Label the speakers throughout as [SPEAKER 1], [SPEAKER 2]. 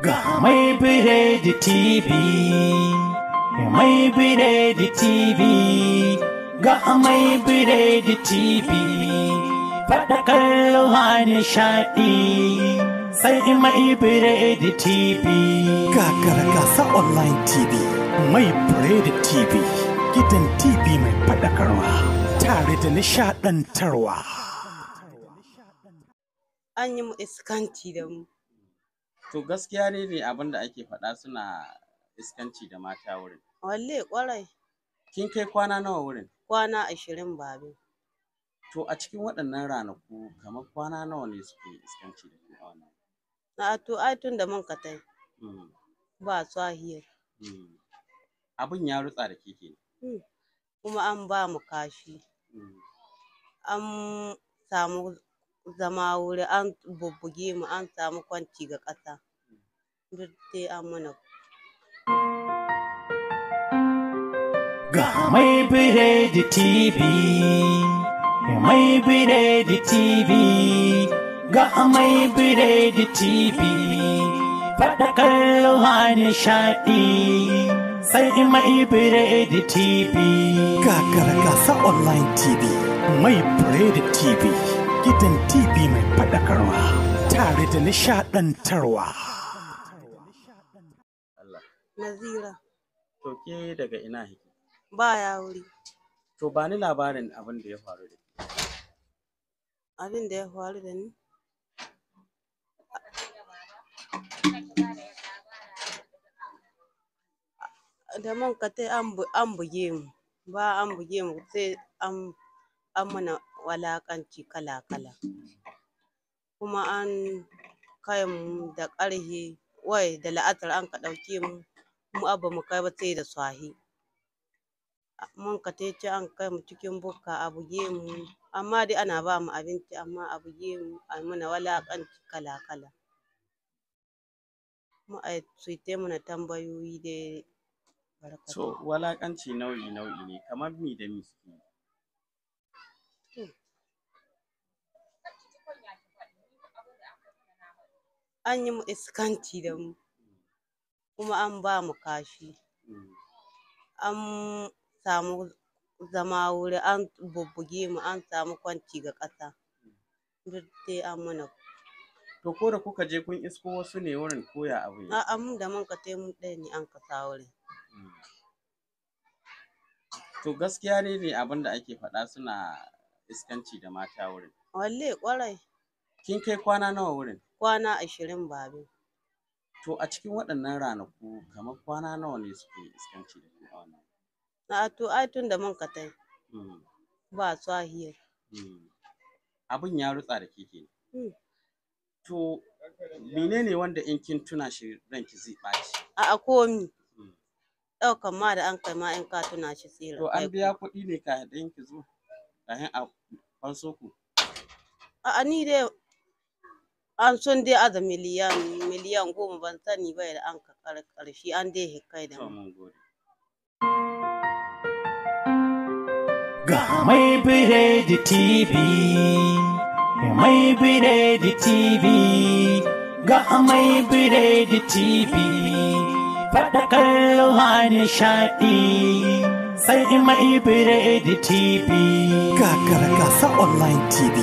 [SPEAKER 1] Ga mai biredi TV, mai biredi TV, ga mai biredi TV, faɗakar ruwa nishaɗi.
[SPEAKER 2] Sai mai biredi TV. Gagara gasa online TV, mai biredi TV, gidan TV mai faɗakarwa, tare da nishaɗantarwa.
[SPEAKER 3] An yi mu iskanci da mu. To gaskiya ne ne abin da ake faɗa suna iskanci da mata wurin.
[SPEAKER 4] Walle ƙwarai.
[SPEAKER 3] Kin kai kwana nawa wurin?
[SPEAKER 4] Kwana ashirin babe.
[SPEAKER 3] To a cikin waɗannan ranaku kamar kwana nawa ne suke iskanci da kuma a wannan?
[SPEAKER 4] A'a to ai tun da mun ka tai. Hmm. Ba tsahiyar.
[SPEAKER 3] Hmm. Abin ya rutsa da ke kenan.
[SPEAKER 4] Hmm. Kuma an ba mu kashi. An samu zama wuri an bubbuge mu an samu kwanci ga ƙasa duk sai an mana
[SPEAKER 1] ga mai biredi tv mai biredi tv ga mai biredi tv faɗakar ruwa nishaɗi
[SPEAKER 2] sai mai biredi tv ga gasa online tv mai biredi tv gidan TV mai fadakarwa tare da nishaɗantarwa.
[SPEAKER 3] Nazira. To ke daga ina hiki? Ba ya wuri. To ba ni labarin abin da ya faru da ke.
[SPEAKER 4] Abin da ya faru da ni? Da man ka an buge mu, ba an buge mu sai an mana walaƙanci kala-kala kuma an kai mu da ƙarhe wai da la'asar an ka ɗauke mu mu abba mu kai ba sai da swahi mun ka tai an kai mu cikin bukka a buge mu amma dai ana ba mu abinci amma a buge mu a muna walaƙanci kala-kala mu a su tai muna tambayoyi dai
[SPEAKER 3] so walaƙanci nau'i-nau'i ne kamar mi da miski
[SPEAKER 4] an yi mu iskanti da mu kuma an ba mu kashi an samu zama wuri an bubbuge mu an samu kwanci ga ƙasa duk dai an mana
[SPEAKER 3] to ko da kuka je kun isko wasu ne wurin koya abu ne a'a
[SPEAKER 4] mun da mun ka mu ɗaya ne an sa wurin
[SPEAKER 3] to gaskiya ne ne abin da ake faɗa suna iskanci da mata wurin
[SPEAKER 4] walle ƙwarai
[SPEAKER 3] Kin kai kwana nawa wurin?
[SPEAKER 4] Kwana ashirin babu.
[SPEAKER 3] To a cikin waɗannan ranaku kamar kwana nawa ne suke iskanci da kuma wannan?
[SPEAKER 4] Na to ai tun da mun ka tai. Hmm. Ba tsahiyar.
[SPEAKER 3] Hmm. Abin ya rutsa da ke kenan. Hmm. To menene wanda in kin tuna shi ranki zai ɓaci?
[SPEAKER 4] A'a komi. Ɗaukan ma da an kai ma in ka tuna shi tsira. To an biya
[SPEAKER 3] kuɗi ne kafin ki zo? Kafin a kwanso ku?
[SPEAKER 4] A'a ni dai an sun dai aza miliyan miliyan goma ban sani ba da an karshe an dai
[SPEAKER 3] hikai da
[SPEAKER 1] ga mai biredi tv mai biredi tv ga mai biredi tv faɗa
[SPEAKER 2] kallon nishaɗi sai mai biredi tv gagara gasa online tv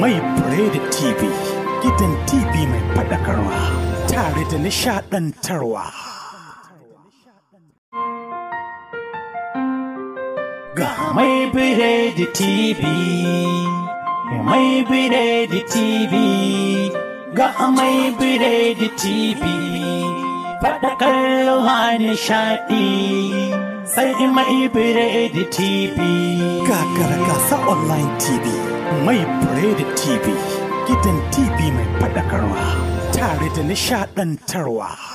[SPEAKER 2] mai biredi tv gidan TV mai faɗakarwa tare da nishaɗantarwa. Ga mai bire
[SPEAKER 1] da TV, mai bire da TV, ga mai bire da TV, faɗakarwa
[SPEAKER 2] nishaɗi. Sai mai bire da TV. Gagara gasa online TV, mai bire da TV. gidan TV mai faɗakarwa tare da nishaɗantarwa.